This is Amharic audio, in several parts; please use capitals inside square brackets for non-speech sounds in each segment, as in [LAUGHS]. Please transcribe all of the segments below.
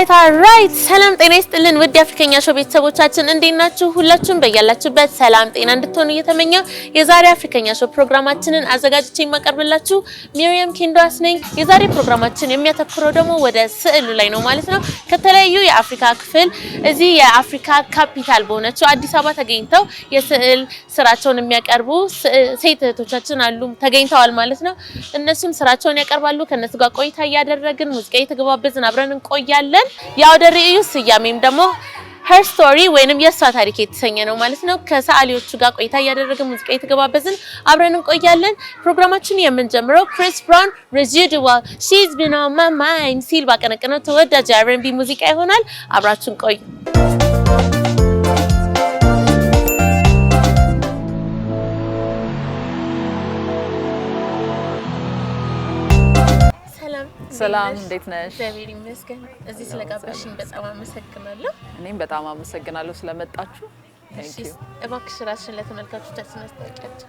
ራይት ኦልራይት ሰላም ጤና ይስጥልን ውድ የአፍሪከኛ ሾው ቤተሰቦቻችን እንዴት ናችሁ? ሁላችሁም በያላችሁበት ሰላም ጤና እንድትሆኑ እየተመኘው የዛሬ አፍሪከኛ ሾው ፕሮግራማችንን አዘጋጅቼ የማቀርብላችሁ ሚሪየም ኪንዶስ ነኝ። የዛሬ ፕሮግራማችን የሚያተኩረው ደግሞ ወደ ስዕሉ ላይ ነው ማለት ነው። ከተለያዩ የአፍሪካ ክፍል እዚህ የአፍሪካ ካፒታል በሆነችው አዲስ አበባ ተገኝተው የስዕል ስራቸውን የሚያቀርቡ ሴት እህቶቻችን አሉ ተገኝተዋል ማለት ነው። እነሱም ስራቸውን ያቀርባሉ። ከነሱ ጋር ቆይታ እያደረግን ሙዚቃ እየተገባበዝን አብረን እንቆያለን። የአውደ ርዕዩ ስያሜም ደግሞ ሄር ስቶሪ ወይንም የእሷ ታሪክ የተሰኘ ነው ማለት ነው። ከሰዓሊዎቹ ጋር ቆይታ እያደረግን ሙዚቃ የተገባበዝን አብረን እንቆያለን። ፕሮግራማችን የምንጀምረው ክሪስ ብራውን ሬዚዱዋል ሺዝ ቢን ኦን ማይ ማይንድ ሲል ባቀነቀነው ተወዳጅ የአር ሙዚቃ ይሆናል። አብራችን ቆዩ። ሰላም እንዴት ነሽ? እግዚአብሔር ይመስገን። እዚህ ስለጋበሽኝ በጣም አመሰግናለሁ። እኔም በጣም አመሰግናለሁ ስለመጣችሁ። እባክሽ ራስሽን ለተመልካቾቻችን አስታውቂያቸው።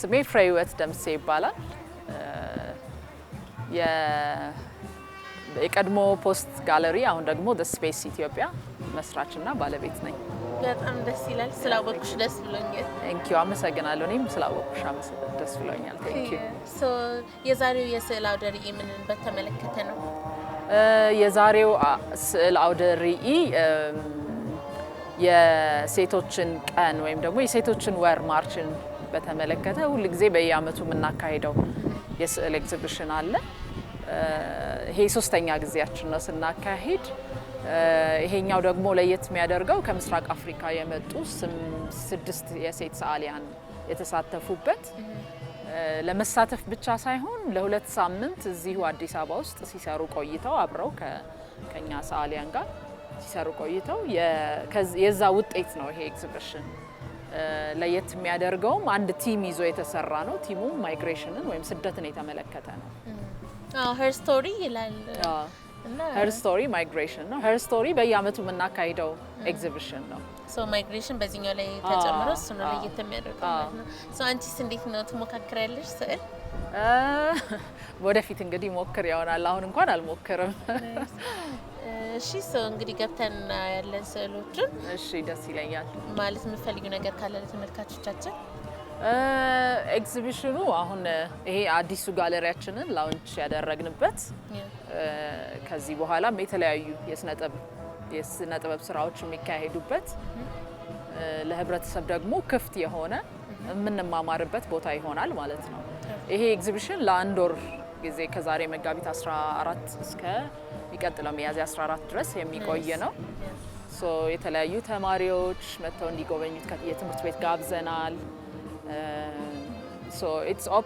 ስሜ ፍሬህይወት ደምሴ ይባላል። የቀድሞ ፖስት ጋለሪ አሁን ደግሞ ደ ስፔስ ኢትዮጵያ መስራችና ባለቤት ነኝ። በጣም ደስ ይላል። ስላወቅኩሽ ደስ ብሎኛል። ቴንኪው አመሰግናለሁ። እኔም ስላወቅኩሽ ደስ ብሎኛል። የዛሬው የስዕል አውደ ርዕይ ምንን በተመለከተ ነው? የዛሬው ስዕል አውደ ርዕይ የሴቶችን ቀን ወይም ደግሞ የሴቶችን ወር ማርችን በተመለከተ ሁልጊዜ በየአመቱ የምናካሄደው የስዕል ኤግዚቢሽን አለ። ይሄ ሶስተኛ ጊዜያችን ነው ስናካሄድ። ይሄኛው ደግሞ ለየት የሚያደርገው ከምስራቅ አፍሪካ የመጡ ስድስት የሴት ሰዓሊያን የተሳተፉበት ለመሳተፍ ብቻ ሳይሆን ለሁለት ሳምንት እዚሁ አዲስ አበባ ውስጥ ሲሰሩ ቆይተው አብረው ከኛ ሰዓሊያን ጋር ሲሰሩ ቆይተው የዛ ውጤት ነው ይሄ ኤግዚቢሽን። ለየት የሚያደርገውም አንድ ቲም ይዞ የተሰራ ነው። ቲሙም ማይግሬሽንን ወይም ስደትን የተመለከተ ነው። ሄር ስቶሪ ይላል ሄር ስቶሪ ማይግሬሽን ነው። ሄር ስቶሪ በየአመቱ የምናካሂደው ኤግዚቢሽን ነው። ማይግሬሽን በዚህኛው ላይ ተጨምሮ እሱ ነው ለየት የሚያደርገው ነው። አንቺስ እንዴት ነው ትሞካክሪያለሽ ስዕል? [LAUGHS] ወደፊት እንግዲህ ሞክር ይሆናል። አሁን እንኳን አልሞክርም። እሺ ሰው እንግዲህ ገብተን ያለን ስዕሎችን። እሺ ደስ ይለኛል። ማለት የምትፈልጊው ነገር ካለ ለተመልካቾቻችን ኤግዚቢሽኑ አሁን ይሄ አዲሱ ጋለሪያችንን ላውንች ያደረግንበት ከዚህ በኋላም የተለያዩ የስነ ጥበብ ስራዎች የሚካሄዱበት ለህብረተሰብ ደግሞ ክፍት የሆነ የምንማማርበት ቦታ ይሆናል ማለት ነው። ይሄ ኤግዚቢሽን ለአንድ ወር ጊዜ ከዛሬ መጋቢት 14 እስከ የሚቀጥለው ሚያዝያ 14 ድረስ የሚቆይ ነው። የተለያዩ ተማሪዎች መጥተው እንዲጎበኙት የትምህርት ቤት ጋብዘናል። Uh, uh,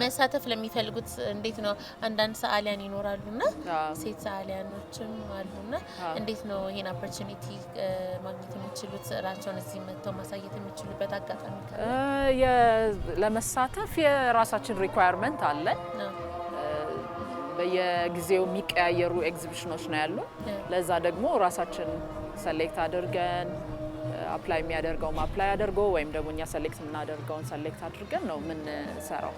መሳተፍ ለሚፈልጉት እንዴት ነው? አንዳንድ ሰዓሊያን ይኖራሉና ሴት ሰዓሊያኖችም አሉና እንዴት ነው ይሄን ኦፖርቹኒቲ uh, ማግኘት የሚችሉት? ስራቸውን እዚህ መጥተው ማሳየት የሚችሉበት አጋጣሚ ለመሳተፍ የራሳችን ሪኳየርመንት አለን። በየጊዜው የሚቀያየሩ ኤግዚቢሽኖች ነው ያሉ። ለዛ ደግሞ ራሳችን ሰሌክት አድርገን አፕላይ የሚያደርገውም አፕላይ አድርጎ ወይም ደግሞ እኛ ሰሌክት የምናደርገውን ሰሌክት አድርገን ነው የምንሰራው።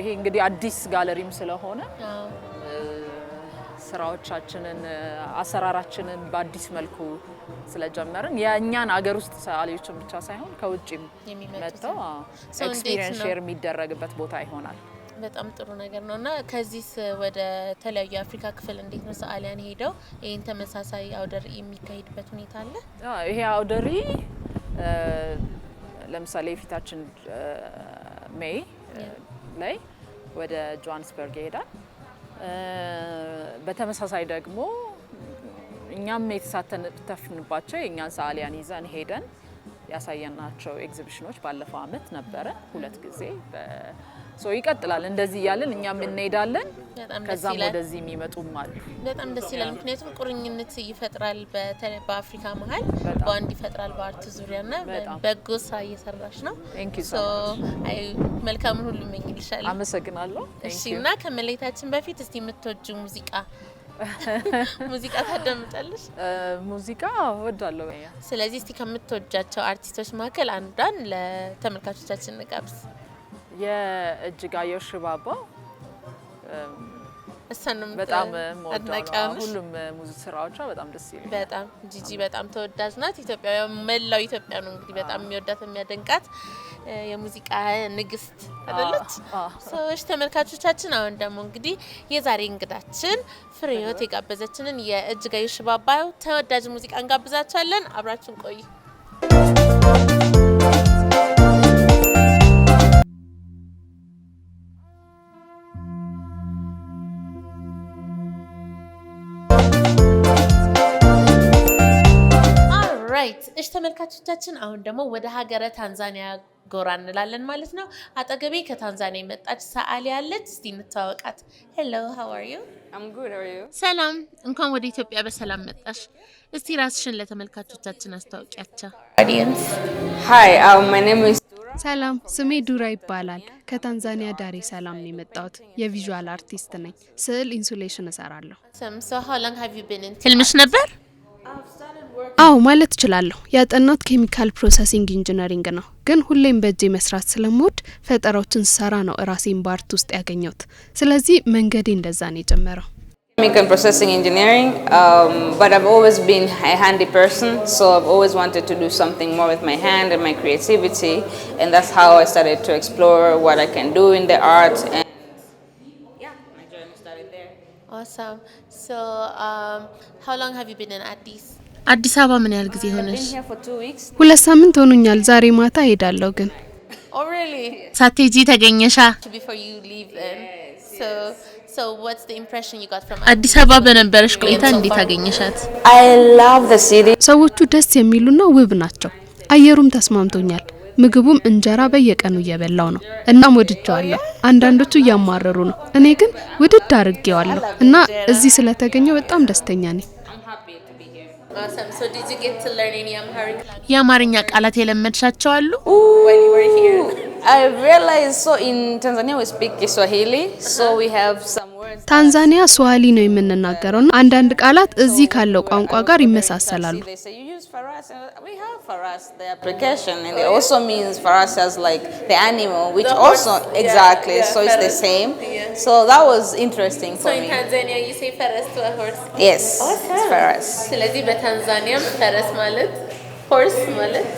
ይሄ እንግዲህ አዲስ ጋለሪም ስለሆነ ስራዎቻችንን አሰራራችንን በአዲስ መልኩ ስለጀመርን የእኛን አገር ውስጥ ሰዓሊዎችን ብቻ ሳይሆን ከውጭም መጥተው ኤክስፒሪየንስ ሼር የሚደረግበት ቦታ ይሆናል። በጣም ጥሩ ነገር ነው እና ከዚህስ ወደ ተለያዩ የአፍሪካ ክፍል እንዴት ነው ሰአሊያን ሄደው ይህን ተመሳሳይ አውደሪ የሚካሄድበት ሁኔታ አለ? ይሄ አውደሪ ለምሳሌ የፊታችን ሜይ ላይ ወደ ጆሃንስበርግ ይሄዳል። በተመሳሳይ ደግሞ እኛም የተሳተፍንባቸው የእኛን ሰአሊያን ይዘን ሄደን ያሳየናቸው ኤግዚቢሽኖች ባለፈው አመት ነበረ ሁለት ጊዜ ይቀጥላል። እንደዚህ እያለን እኛም እንሄዳለን። ከዛም ወደዚህ የሚመጡም አሉ። በጣም ደስ ይላል። ምክንያቱም ቁርኝነት ይፈጥራል፣ በአፍሪካ መሀል በአንድ ይፈጥራል። በአርት ዙሪያ ና በጎ ስራ እየሰራሽ ነው። መልካምን ሁሉ እመኝልሻለሁ። አመሰግናለሁ። እሺ እና ከመለየታችን በፊት እስቲ የምትወጂው ሙዚቃ [LAUGHS] ሙዚቃ ታዳምጣለሽ? ሙዚቃ እወዳለሁ። ስለዚህ እስቲ ከምትወጃቸው አርቲስቶች መካከል አንዷን ለተመልካቾቻችን እንጋብዝ። የእጅጋየሁ ሽባባ እሰንም በጣም ሁሉም ሙዚክ ስራዎቿ በጣም ደስ ይላል። በጣም ጂጂ በጣም ተወዳጅ ናት። ኢትዮጵያ መላው ኢትዮጵያ ነው እንግዲህ በጣም የሚወዳት የሚያደንቃት የሙዚቃ ንግስት አይደለች። ሰዎች ተመልካቾቻችን፣ አሁን ደግሞ እንግዲህ የዛሬ እንግዳችን ፍሬህይወት የጋበዘችንን የእጅጋየሁ ሽባባ ተወዳጅ ሙዚቃ እንጋብዛቸዋለን። አብራችን ቆይ ራይት እሽ ተመልካቾቻችን፣ አሁን ደግሞ ወደ ሀገረ ታንዛኒያ ጎራ እንላለን ማለት ነው። አጠገቤ ከታንዛኒያ የመጣች ሰዓሊ ያለች፣ እስቲ እንተዋወቃት። ሄሎ ሃው አር ዩ? ሰላም፣ እንኳን ወደ ኢትዮጵያ በሰላም መጣሽ። እስቲ ራስሽን ለተመልካቾቻችን አስታውቂያቸው። um, ሰላም፣ ስሜ ዱራ ይባላል። ከታንዛኒያ ዳሬ ሰላም ነው የመጣሁት። የቪዥዋል አርቲስት ነኝ። ስዕል ኢንሱሌሽን እሰራለሁ። ህልምሽ ነበር አዎ ማለት እችላለሁ። ያጠናሁት ኬሚካል ፕሮሰሲንግ ኢንጂነሪንግ ነው፣ ግን ሁሌም በእጄ መስራት ስለምወድ ፈጠራዎችን ስሰራ ነው ራሴን በአርት ውስጥ ያገኘሁት። ስለዚህ መንገዴ እንደዛ ነው የጀመረው። ኬሚካል ፕሮሰሲንግ ኢንጂነሪንግ but I've always been a handy person so I've always wanted to do something more with my hand and my creativity and that's how I started to explore what I can do in the art and yeah, my journey started there. Awesome. So um, how long have you been an artist? አዲስ አበባ ምን ያህል ጊዜ ሆነሽ? ሁለት ሳምንት ሆኖኛል። ዛሬ ማታ እሄዳለሁ። ግን oh, ሳቴጂ ተገኘሻ። አዲስ አበባ በነበረሽ ቆይታ እንዴት አገኘሻት? ሰዎቹ ደስ የሚሉና ውብ ናቸው። አየሩም ተስማምቶኛል። ምግቡም እንጀራ በየቀኑ እየበላው ነው። እናም ወድጀዋለሁ። አንዳንዶቹ እያማረሩ ነው፣ እኔ ግን ውድድ አድርጌዋለሁ እና እዚህ ስለተገኘው በጣም ደስተኛ ነኝ። የአማርኛ ቃላት የለመድሻቸው አሉ? ታንዛኒያ ስዋሂሊ ነው የምንናገረው እና አንዳንድ ቃላት እዚህ ካለው ቋንቋ ጋር ይመሳሰላሉ። for us. And we have for us the application, and it also means for us as like the animal, which The also yeah, exactly. yeah, so it's the same. Yeah. So that was interesting for So in me. you say ferris to a horse? Yes, it's let us. ስለዚህ በታንዛኒያም ፈረስ ማለት ሆርስ ማለት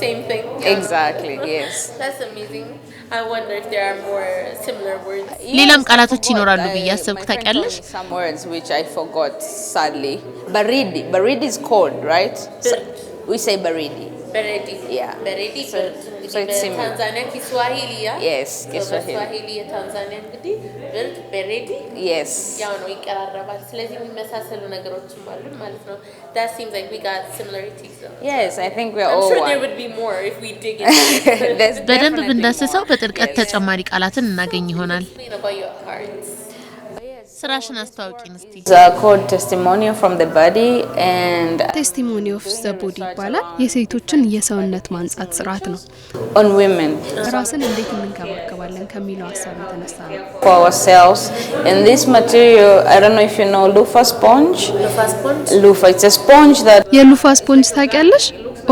same thing. Exactly, yes. That's amazing. I wonder if there are more similar words. ሌላም ቃላቶች ይኖራሉ ብዬ አሰብኩ። ታውቂያለሽ? Some words which I forgot sadly. Baridi. Baridi is cold, right? We say baridi. Baridi. Yeah. Baridi. so it's similar. Tanzania Kiswahili, yeah? Yes, Kiswahili. Kiswahili የታንዛኒያ እንግዲህ ብርድ በሬዲ yes ያው ነው ይቀራረባል። ስለዚህ የሚመሳሰሉ ነገሮችም አሉ ማለት ነው። That seems like we got similarities though. Yes, I think we're all I'm sure there would be more if we dig in. በደንብ ብንዳስሰው በጥልቀት ተጨማሪ ቃላትን እናገኝ ይሆናል። ስራሽን አስተዋውቂን እስቲ። ቴስቲሞኒ ኦፍ ዘ ቦዲ ይባላል። የሴቶችን የሰውነት ማንጻት ስርዓት ነው። ራስን እንዴት እንንከባከባለን ከሚለው ሀሳብ የተነሳ ነው። የሉፋ ስፖንጅ ታውቂያለሽ?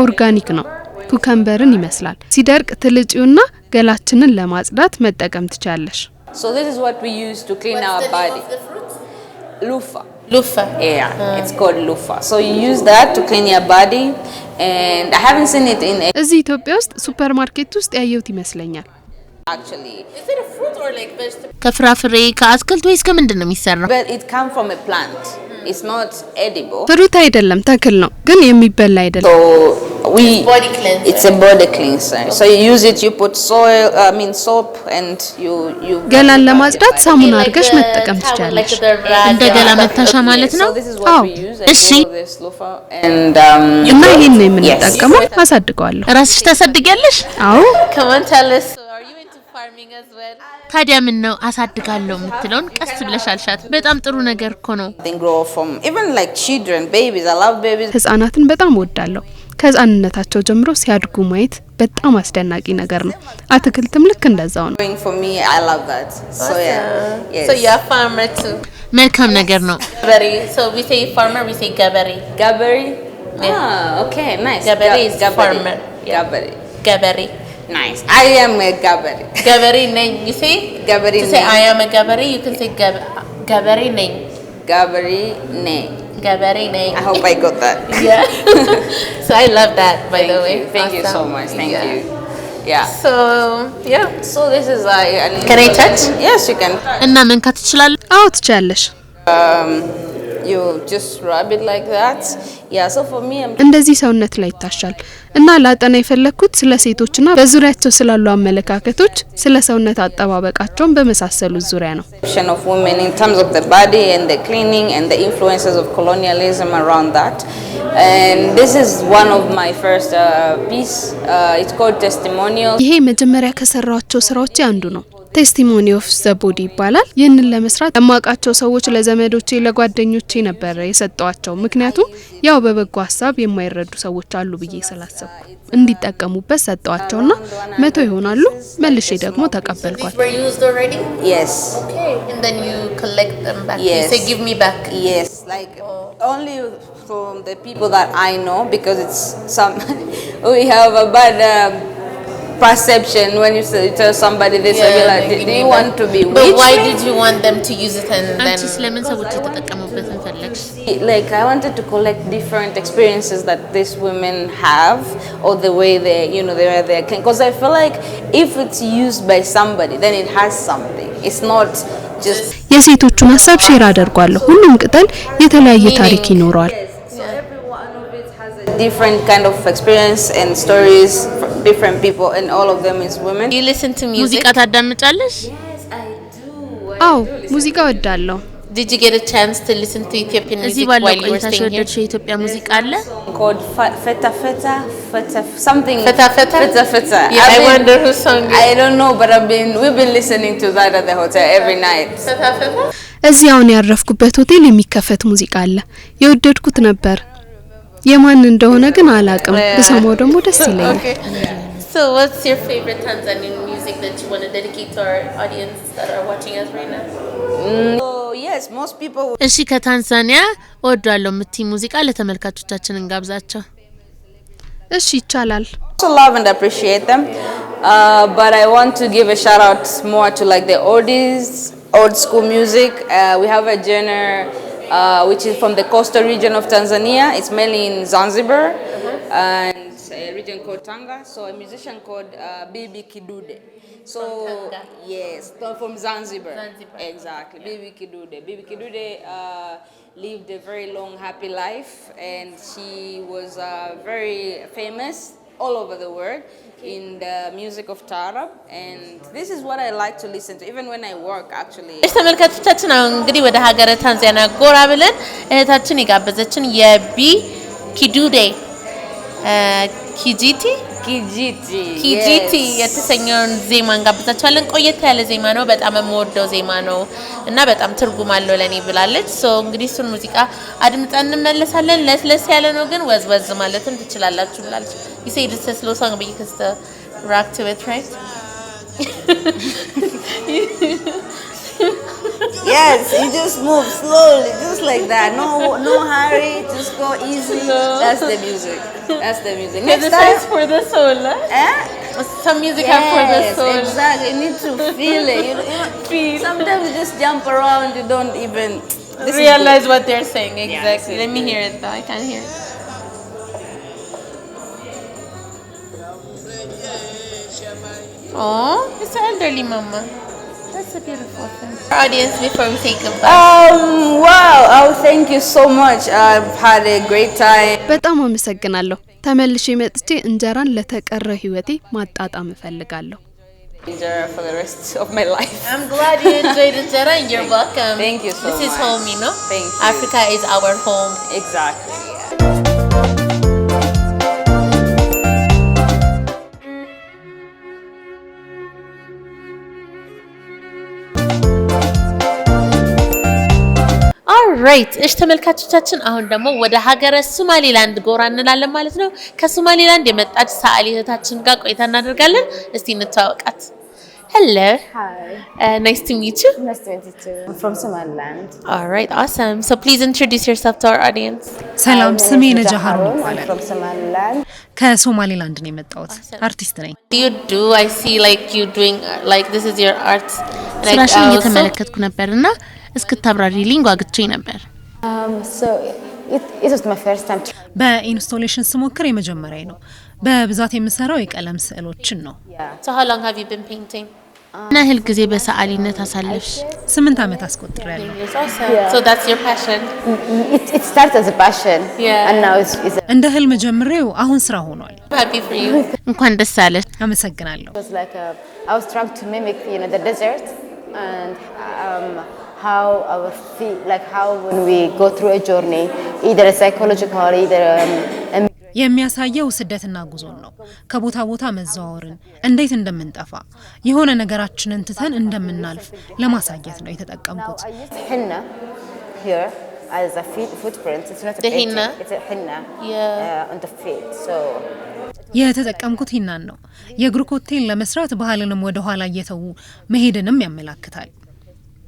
ኦርጋኒክ ነው። ኩከምበርን ይመስላል። ሲደርቅ ትልጪውና ገላችንን ለማጽዳት መጠቀም ትችያለሽ። So this is what we use to clean What's our the body. Name of the fruit? Loofah. Loofah. Yeah, uh. it's called lufa. So you use that to clean your body and I haven't seen it in. እዚህ ኢትዮጵያ ውስጥ ሱፐርማርኬት ውስጥ ያየሁት ይመስለኛል። ከፍራፍሬ ከአትክልት ወይስ ከምንድን ነው የሚሰራው? ፍሩት አይደለም፣ ተክል ነው፣ ግን የሚበላ አይደለም። ገላን ለማጽዳት ሳሙና አድርገሽ መጠቀም ትችላለች። እንደ ገላ መታሻ ማለት ነው። አዎ፣ እሺ። um, እና ይህን የምንጠቀመው። አሳድገዋለሁ። ራስሽ ታሳድጊያለሽ? አዎ። ታዲያ ምን ነው አሳድጋለሁ የምትለውን ቀስ ብለሽ አልሻት። በጣም ጥሩ ነገር እኮ ነው። ህጻናትን በጣም ወዳለሁ ከህጻንነታቸው ጀምሮ ሲያድጉ ማየት በጣም አስደናቂ ነገር ነው። አትክልትም ልክ እንደዛው ነው። መልካም ነገር ነው። ገበሬ Nice. I am a gabari. Gabari name. You see? Gabari name. say I am a gabari, you can say gab gabari name. Gabari name. Gabari name. I hope I got that. [LAUGHS] yeah. [LAUGHS] so I love that, by Thank the way. You. Thank awesome. you so much. Thank yeah. you. Yeah. So, yeah. So this is like uh, Can I touch? Yes, you can. እና መንካት ትችላለሽ? አዎ ትችያለሽ። እንደዚህ ሰውነት ላይ ይታሻል እና ላጠና የፈለግኩት ስለ ሴቶችና በዙሪያቸው ስላሉ አመለካከቶች፣ ስለ ሰውነት አጠባበቃቸውን በመሳሰሉት ዙሪያ ነው። uh, uh, ይሄ መጀመሪያ ከሰራቸው ስራዎች አንዱ ነው። ቴስቲሞኒ ኦፍ ዘ ቦዲ ይባላል። ይህንን ለመስራት ለማውቃቸው ሰዎች፣ ለዘመዶቼ፣ ለጓደኞቼ ነበረ የሰጠዋቸው። ምክንያቱም ያው በበጎ ሀሳብ የማይረዱ ሰዎች አሉ ብዬ ስላሰብኩ እንዲጠቀሙበት ሰጠዋቸውና መቶ ይሆናሉ። መልሼ ደግሞ ተቀበልኳል። [LAUGHS] perception when you, say, you tell somebody this yeah, and you're like, do, do you want to be But why did you want them to use it and then ለምን ሰዎች የተጠቀሙበትን ፈለግሽ? Like I wanted to collect different experiences that these women have or the way they you know they are there because I feel like if it's used by somebody then it has something. It's not just የሴቶቹን ሀሳብ ሼር አደርጓለሁ። ሁሉም ቅጠል የተለያየ ታሪክ ይኖረዋል። different kind of experience and stories from different people and all of them is women. You listen to music? Yes, I ሙዚቃ ታዳምጫለሽ? አዎ music እወዳለሁ። Did you get a chance to listen to Ethiopian music while you were staying here? የኢትዮጵያ ሙዚቃ አለ? Called Feta Feta Feta something Feta Feta Feta Feta. Yeah, I I wonder who song it. I don't know but I've been we've been listening to that at the hotel every night. Feta እዚህ አሁን ያረፍኩበት ሆቴል የሚከፈት ሙዚቃ አለ። የወደድኩት ነበር። የማን እንደሆነ ግን አላቅም። ብሰማው ደግሞ ደስ ይለኛል። እሺ ከታንዛኒያ እወዳለሁ የምትይ ሙዚቃ ለተመልካቾቻችን እንጋብዛቸው። እሺ ይቻላል። have a genre uh, which is from the coastal region of Tanzania. It's mainly in Zanzibar and a region called Tanga. So a musician called uh, Bibi Kidude. So Tanga. yes, from Zanzibar. Zanzibar. Exactly. Yeah. Bibi Kidude. Bibi Kidude uh, lived a very long, happy life, and she was uh, very famous all over the world. እሽ ተመልካቾቻችን፣ አሁን እንግዲህ ወደ ሀገረ ታንዛኒያ ጎራ ብለን እህታችን የጋበዘችን የቢ ኪዱዴ ኪጂቲ ኪጂቲ ኪጂቲ የተሰኘውን ዜማ እንጋብዛችኋለን። ቆየት ያለ ዜማ ነው፣ በጣም የምወደው ዜማ ነው እና በጣም ትርጉም አለው ለእኔ ብላለች። ሶ እንግዲህ እሱን ሙዚቃ አድምጠን እንመለሳለን። ለስለስ ያለ ነው ግን ወዝወዝ ማለትም ትችላላችሁ ብላለች። ዩ ሴድ ስሎ ሶንግ ቢ ካዝ ራክ ቱ ኢት ራይት yes, you just move slowly, just like that. No, no hurry. Just go easy. No. That's the music. That's the music. Next this time, is for the soul. Eh? eh? Some music yes, for the soul. exactly. You need to feel it. You, [LAUGHS] feel. Sometimes you just jump around. You don't even this realize what they're saying. Exactly. Yeah, Let me hear it though. I can't hear. it. Oh, it's an elderly mama. That's beautiful thing. Our audience, before we say goodbye. Um, wow. Oh, thank you so much. I've had a great time. በጣም አመሰግናለሁ። ተመልሼ መጥቼ እንጀራን ለተቀረ ህይወቴ ማጣጣም እፈልጋለሁ። Injera for the rest of my life. I'm glad you enjoyed jara and you're Thank welcome. You. Thank you so much. This is home, you know? Thank you. Africa is our home. Exactly. Yeah. ራይት እሽ ተመልካቾቻችን፣ አሁን ደግሞ ወደ ሀገረ ሶማሊላንድ ጎራ እንላለን ማለት ነው። ከሶማሊላንድ የመጣች ሰዓሊ እህታችን ጋር ቆይታ እናደርጋለን። እስቲ እንተዋወቃት። ሄሎ ናይስ ቱ ሚት ዩ አሰም ሶ ፕሊዝ ኢንትሮዲውስ ዮርሰልፍ ቱ አወር ኦዲየንስ። ሰላም ስሜ ነጃ ይባላል። ከሶማሌላንድ ነው የመጣሁት። አርቲስት ነኝ። uh, ስራሽን እየተመለከትኩ ነበር እና እስክታብራሪልኝ ጓግቼ ነበር። um, በኢንስቶሌሽን ስሞክር የመጀመሪያ ነው። በብዛት የምሰራው የቀለም ስዕሎችን ነው። um, ምን ያህል ጊዜ በሰዓሊነት አሳለፍሽ? ስምንት ዓመት አስቆጥሬያለሁ። እንደ ህልም ጀምሬው አሁን ስራ ሆኗል። እንኳን ደስ አለሽ። አመሰግናለሁ። how our feet, like how when we go through a journey, either a psychological, either um, የሚያሳየው ስደትና ጉዞን ነው። ከቦታ ቦታ መዘዋወርን፣ እንዴት እንደምንጠፋ የሆነ ነገራችንን ትተን እንደምናልፍ ለማሳየት ነው የተጠቀምኩት። uh, የተጠቀምኩት ሂናን ነው። የእግር ኮቴን ለመስራት ባህልንም ወደኋላ እየተዉ መሄድንም ያመላክታል።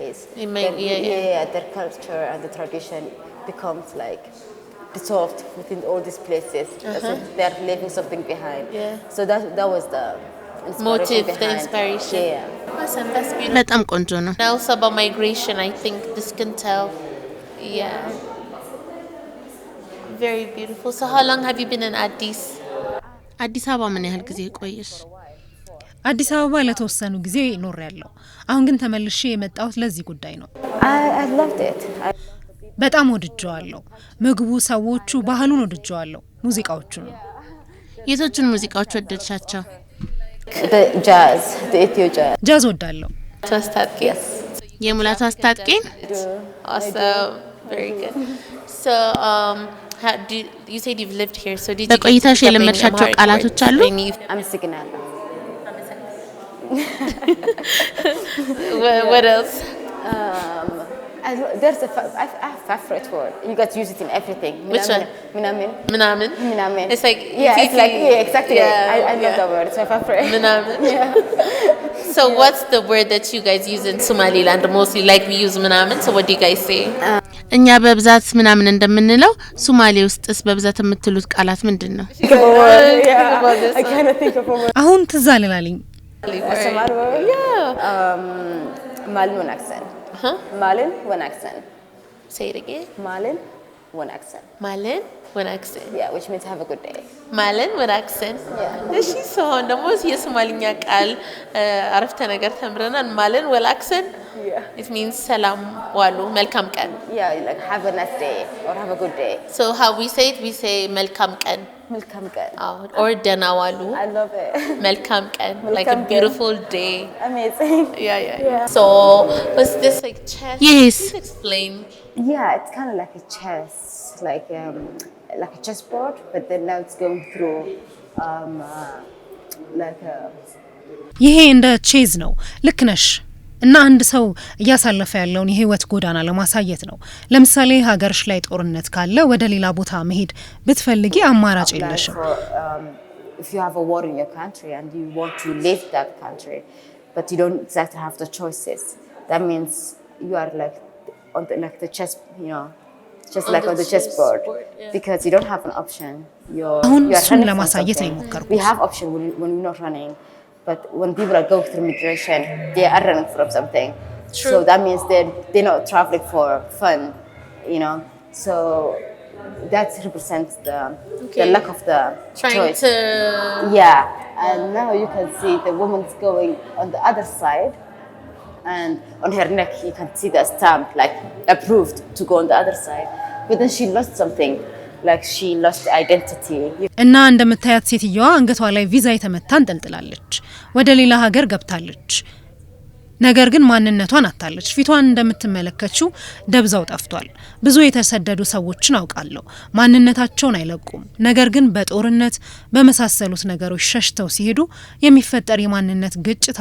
space. It yeah, yeah, yeah. Their culture and the tradition becomes like dissolved within all these places. Uh-huh. they're leaving something behind. Yeah. So that that was the motive, behind. the inspiration. Yeah. Awesome. That's beautiful. And also about migration, I think this can tell. Yeah. Very beautiful. So how long have you been in Addis? Addis አበባ ምን ያህል አዲስ አበባ ለተወሰኑ ጊዜ ኖር ያለው አሁን ግን ተመልሼ የመጣሁት ለዚህ ጉዳይ ነው። በጣም ወድጀዋለሁ። ምግቡ፣ ሰዎቹ፣ ባህሉን ወድጀዋለሁ። ሙዚቃዎቹ ነው። የቶቹን ሙዚቃዎች ወደድሻቸው? ጃዝ ወዳለሁ። የሙላቱ አስታጥቄ um, በቆይታሽ የለመድሻቸው ቃላቶች አሉ? what yeah. what else? Um, I there's a fa- I, I have favorite word. You got to use it in everything. Which one? Minamin. Minamin. Minamin. It's like yeah, it's like yeah, exactly. Yeah, I, I love yeah. that word. It's my favorite. Minamin. yeah. So yeah. what's the word that you guys use in Somaliland mostly? Like we use minamin. So what do you guys say? Um, እኛ በብዛት ምናምን እንደምንለው ሱማሌ ውስጥስ በብዛት የምትሉት ቃላት ምንድን ነው? አሁን ትዛ አለኝ SMR word? Yeah. Um, Malin, one accent. Huh? Malin, one accent. Say it again. Malin, one accent. Malin? with accent. Yeah, which means have a good day. ማለን with accent. Yeah. እሺ ሰው ደግሞ የሶማሊኛ ቃል አረፍተ ነገር ተምረናል። ማለን with accent. Yeah. It means salam walu, melkam ቀን. Yeah, like have a nice day or have a good day. So how we say it, we say melkam ቀን. Melkam ቀን። አዎ or dana walu. I love it. Melkam ቀን. Like a beautiful day. Amazing. [LAUGHS] Yeah, yeah. yeah. So was this like chess? Yes. Can explain? Yeah, it's kind of like a chess. like um, like a chessboard, but then now it's going through um, uh, like a uh, ይሄ እንደ ቼዝ ነው። ልክ ነሽ። እና አንድ ሰው እያሳለፈ ያለውን የህይወት ጎዳና ለማሳየት ነው። ለምሳሌ ሀገርሽ ላይ ጦርነት ካለ ወደ ሌላ ቦታ መሄድ ብትፈልጊ አማራጭ የለሽም። um, just like on the chessboard because you don't have an option. You're, አሁን ለማሳየት የሞከርኩት። We have option when, we're not running, but when people are going through migration, they are running from something. True. So that means they they're not traveling for fun, you know. So that represents the okay. the lack of the trying choice. to yeah. And now you can see the woman's going on the other side. and on her neck you can see the stamp like approved to go on the other side but then she lost something like she lost identity እና እንደምታያት ሴትየዋ አንገቷ ላይ ቪዛ የተመታ እንጠልጥላለች። ወደ ሌላ ሀገር ገብታለች። ነገር ግን ማንነቷን አታለች። ፊቷን እንደምትመለከችው ደብዛው ጠፍቷል። ብዙ የተሰደዱ ሰዎችን አውቃለሁ። ማንነታቸውን አይለቁም። ነገር ግን በጦርነት በመሳሰሉት ነገሮች ሸሽተው ሲሄዱ የሚፈጠር የማንነት ግጭት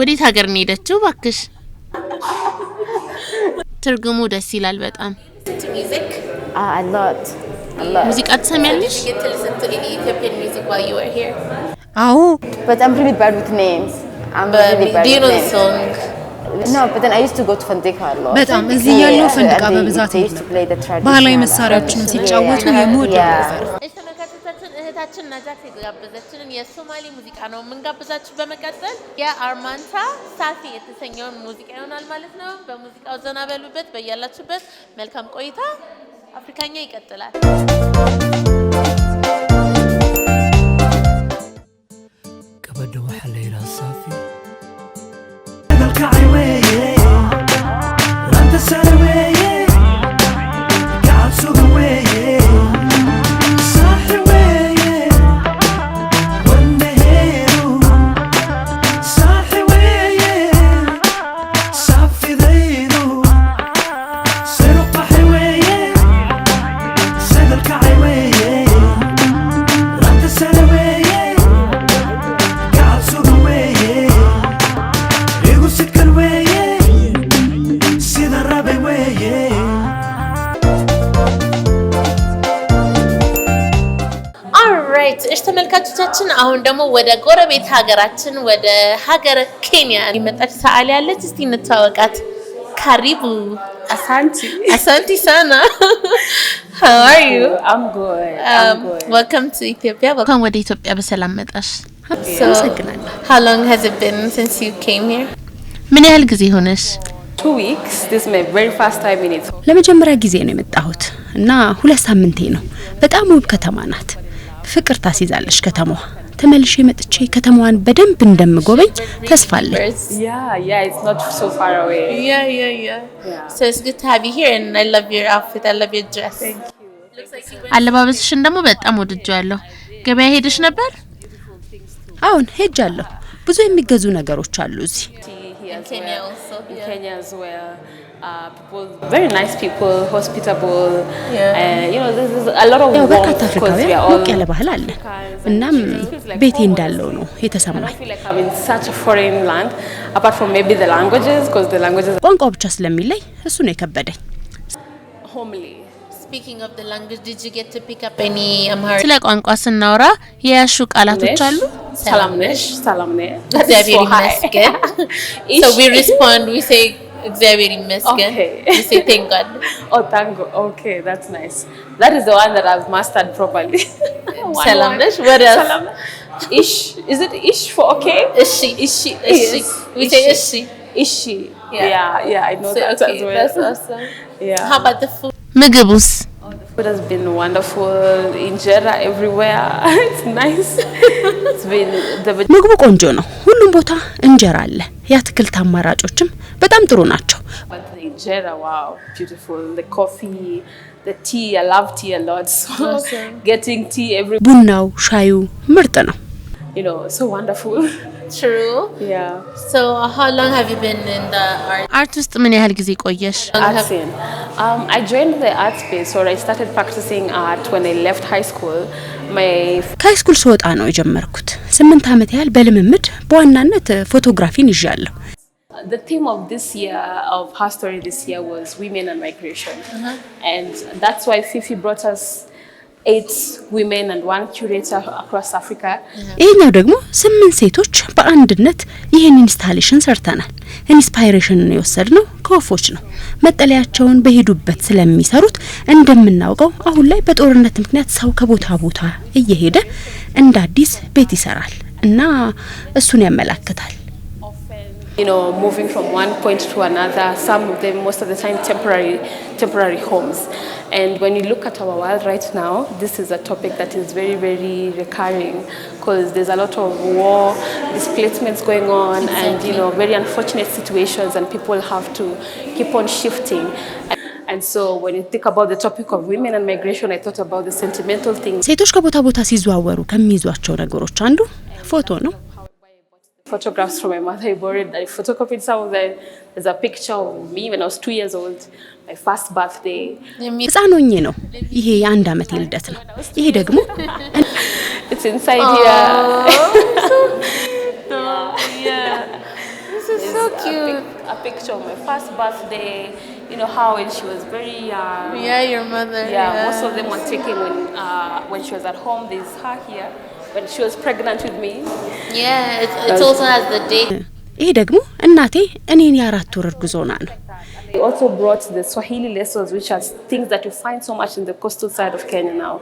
ወዴት ሀገር ነው ሄደችው? እባክሽ ትርጉሙ ደስ ይላል በጣም Ah, ሙዚቃ ትሰሚያለሽ? አዎ በጣም በጣም እዚህ ያለው ፈንድቃ በብዛት ባህላዊ መሳሪያዎችን ሲጫወቱ የምወደው ነበር። እህታችን ነጃት የጋበዘችንን የሶማሌ ሙዚቃ ነው የምንጋብዛችሁ። በመቀጠል የአርማንታ ሳፊ የተሰኘውን ሙዚቃ ይሆናል ማለት ነው። በሙዚቃው ዘና በሉበት። በያላችሁበት መልካም ቆይታ። አፍሪካኛ ይቀጥላል። አሁን ደግሞ ወደ ጎረቤት ሀገራችን ወደ ሀገር ኬንያ የመጣች ሰዓሊ ያለች። እስቲ እንተዋወቃት። ካሪቡ አሳንቲ አሳንቲ ሳና how um, ወደ ኢትዮጵያ በሰላም መጣሽ። ምን ያህል ጊዜ ሆነሽ? ለመጀመሪያ ጊዜ ነው የመጣሁት እና ሁለት ሳምንቴ ነው። በጣም ውብ ከተማ ናት። ፍቅር ታስይዛለች ከተማዋ። ተመልሼ መጥቼ ከተማዋን በደንብ እንደምጎበኝ ተስፋ አለኝ። አለባበስሽን ደግሞ በጣም ወድጄዋለሁ። ገበያ ሄደሽ ነበር? አሁን ሄጃለሁ። ብዙ የሚገዙ ነገሮች አሉ እዚህ በርካታ አፍሪካውያን ሞቅ ያለ ባህል አለ። እናም ቤቴ እንዳለው ነው የተሰማኝ። ቋንቋ ብቻ ስለሚለይ እሱ ነው የከበደኝ። ስለ ቋንቋ ስናወራ የያሹ ቃላቶች አሉ። ሰላም ነሽ፣ ሰላም ነሽ፣ እግዚአብሔር ይመስገን [LAUGHS] እግዚአብሔር ይመስገን። ሰላም ነሽ? ምግቡስ? Oh, [LAUGHS] ምግቡ ቆንጆ ነው። ሁሉም ቦታ እንጀራ አለ። የአትክልት አማራጮችም በጣም ጥሩ ናቸው። [LAUGHS] ቡናው፣ ሻዩ ምርጥ ነው። አርት [LAUGHS] ውስጥ ምን ያህል ጊዜ ቆየሽ? Um, ከሃይ ስወጣ ነው የጀመርኩት። ስምንት ዓመት ያህል በልምምድ በዋናነት ፎቶግራፊን ይዣለሁ። the theme of this year of her story this year was women and migration mm -hmm. and that's why fifi brought us eight women and one curator across Africa ይህኛው uh-huh. ደግሞ ስምንት ሴቶች በአንድነት ይህን ኢንስታሌሽን ሰርተናል ኢንስፓይሬሽንን የወሰድነው ከወፎች ነው መጠለያቸውን በሄዱበት ስለሚሰሩት እንደምናውቀው አሁን ላይ በጦርነት ምክንያት ሰው ከቦታ ቦታ እየሄደ እንደ አዲስ ቤት ይሰራል እና እሱን ያመላክታል you know, moving from one point to another, some of them most of the time temporary, temporary homes. And when you look at our world right now, this is a topic that is very, very recurring because there's a lot of war, displacements going on exactly. and, you know, very unfortunate situations and people have to keep on shifting. And so when you think about the topic of women and migration, I thought about the sentimental thing. ሴቶች ከቦታ ቦታ ሲዘዋወሩ ከሚይዟቸው ነገሮች አንዱ ፎቶ ነው። photographs from my mother. I borrowed, I photocopied some of them. There's a picture of me when I was two years old, my first birthday. ሆኜ ነው። ይሄ የአንድ ዓመት የልደት ነው። ይሄ ደግሞ [LAUGHS] It's [LAUGHS] You know how when she was very young. Yeah, your mother. Yeah, most of them were taken when uh, when she was at home. There's her here. when she was pregnant with me. Yeah, it's, it's also as the day. ይሄ ደግሞ እናቴ እኔን የአራት ወር እርጉዝ ነው። They also brought the Swahili lessons, which are things that you find so much in the coastal side of Kenya now,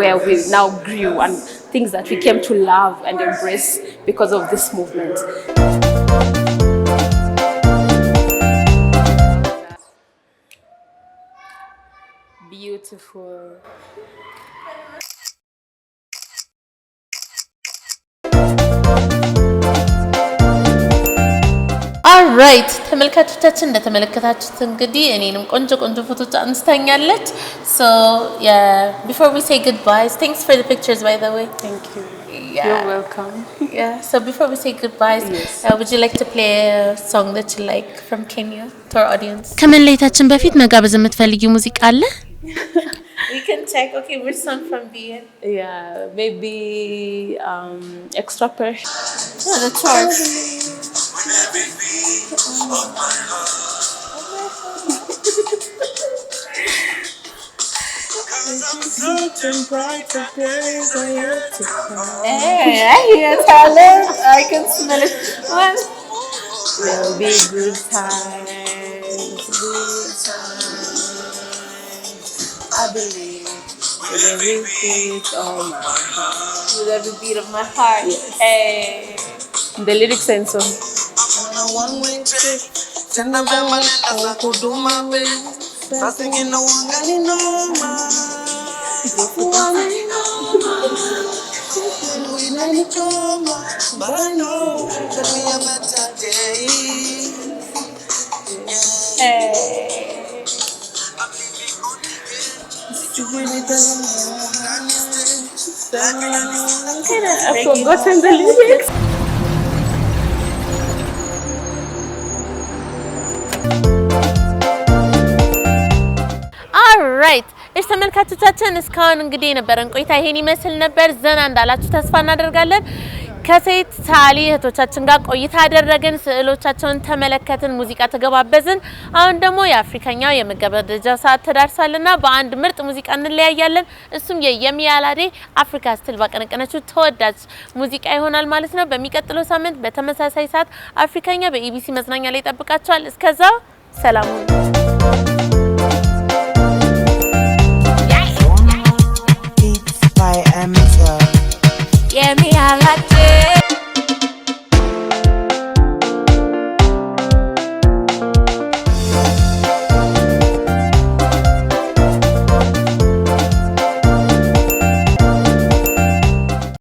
where we now grew and things that we came to love and embrace because of this movement. Beautiful. ራይት ተመልካቾቻችን እንደተመለከታችሁት እንግዲህ እኔንም ቆንጆ ቆንጆ ፎቶች አንስታኛለች። ሶ ቢፎር ዊ ሴይ ጉድባይ ቴንክስ ፎር ዘ ፒክቸርስ ባይ ዘ ዌይ ቴንክ ዩ Yeah. You're welcome. Yeah. So before we say goodbyes, yes. uh, would you like to play a song that you like from Kenya to our audience? ከመለየታችን በፊት መጋበዝ የምትፈልጊው ሙዚቃ አለ? We can check. Okay, which song from BN? Yeah, maybe um, Extra Pressure. Oh, the chords. with every beat of my heart. Cause I'm Something brighter days are yet to come. Hey, I hear talent. I can smell it. What? There'll be good times. Good times. I believe with every beat of my heart. With every beat of my heart. Yes. Hey. The lyrics and song. one way trip, tena I've forgotten the lyrics. እሺ ተመልካቾቻችን እስካሁን እንግዲህ የነበረን ቆይታ ይሄን ይመስል ነበር። ዘና እንዳላችሁ ተስፋ እናደርጋለን። ከሴት ሳሊ እህቶቻችን ጋር ቆይታ ያደረግን፣ ስዕሎቻቸውን ተመለከትን፣ ሙዚቃ ተገባበዝን። አሁን ደግሞ የአፍሪካኛው ደረጃ ሰዓት ተዳርሷልና በአንድ ምርጥ ሙዚቃ እንለያያለን። እሱም የሚያላዴ አፍሪካ ስትል ባቀነቀነችው ተወዳጅ ሙዚቃ ይሆናል ማለት ነው። በሚቀጥለው ሳምንት በተመሳሳይ ሰዓት አፍሪካኛ በኢቢሲ መዝናኛ ላይ ይጠብቃቸዋል። እስከዛው ሰላሙ I like